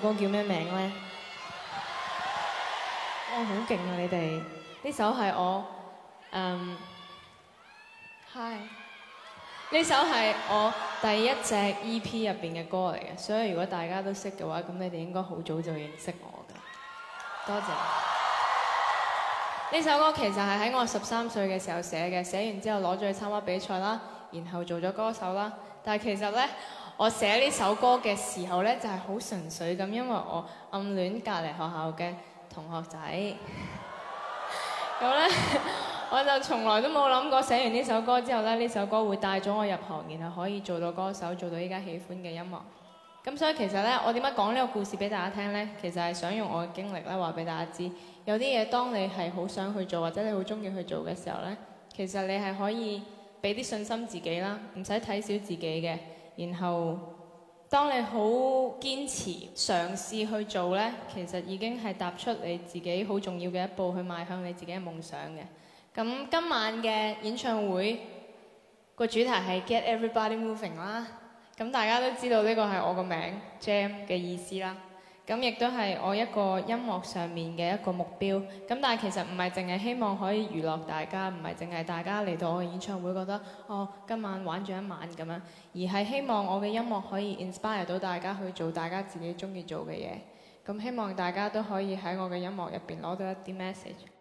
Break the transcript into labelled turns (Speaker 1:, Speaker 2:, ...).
Speaker 1: 歌叫咩名咧？我好勁啊！你哋呢首係我嗯、um，Hi 呢首係我第一隻 EP 入邊嘅歌嚟嘅，所以如果大家都識嘅話，咁你哋應該好早就認識我㗎。多謝，謝。呢首歌其實係喺我十三歲嘅時候寫嘅，寫完之後攞咗去參加比賽啦，然後做咗歌手啦，但係其實咧。我寫呢首歌嘅時候呢，就係好純粹咁，因為我暗戀隔離學校嘅同學仔。咁呢，我就從來都冇諗過寫完呢首歌之後呢，呢首歌會帶咗我入行，然後可以做到歌手，做到依家喜歡嘅音樂。咁所以其實呢，我點解講呢個故事俾大家聽呢？其實係想用我嘅經歷咧，話俾大家知，有啲嘢當你係好想去做，或者你好中意去做嘅時候呢，其實你係可以俾啲信心自己啦，唔使睇小自己嘅。然後，當你好堅持嘗試去做呢，其實已經係踏出你自己好重要嘅一步去邁向你自己嘅夢想嘅。咁今晚嘅演唱會個主題係 Get Everybody Moving 啦。咁大家都知道呢個係我個名 Jam 嘅意思啦。咁亦都係我一個音樂上面嘅一個目標。咁但係其實唔係淨係希望可以娛樂大家，唔係淨係大家嚟到我嘅演唱會覺得哦，今晚玩咗一晚咁樣，而係希望我嘅音樂可以 inspire 到大家去做大家自己中意做嘅嘢。咁希望大家都可以喺我嘅音樂入邊攞到一啲 message。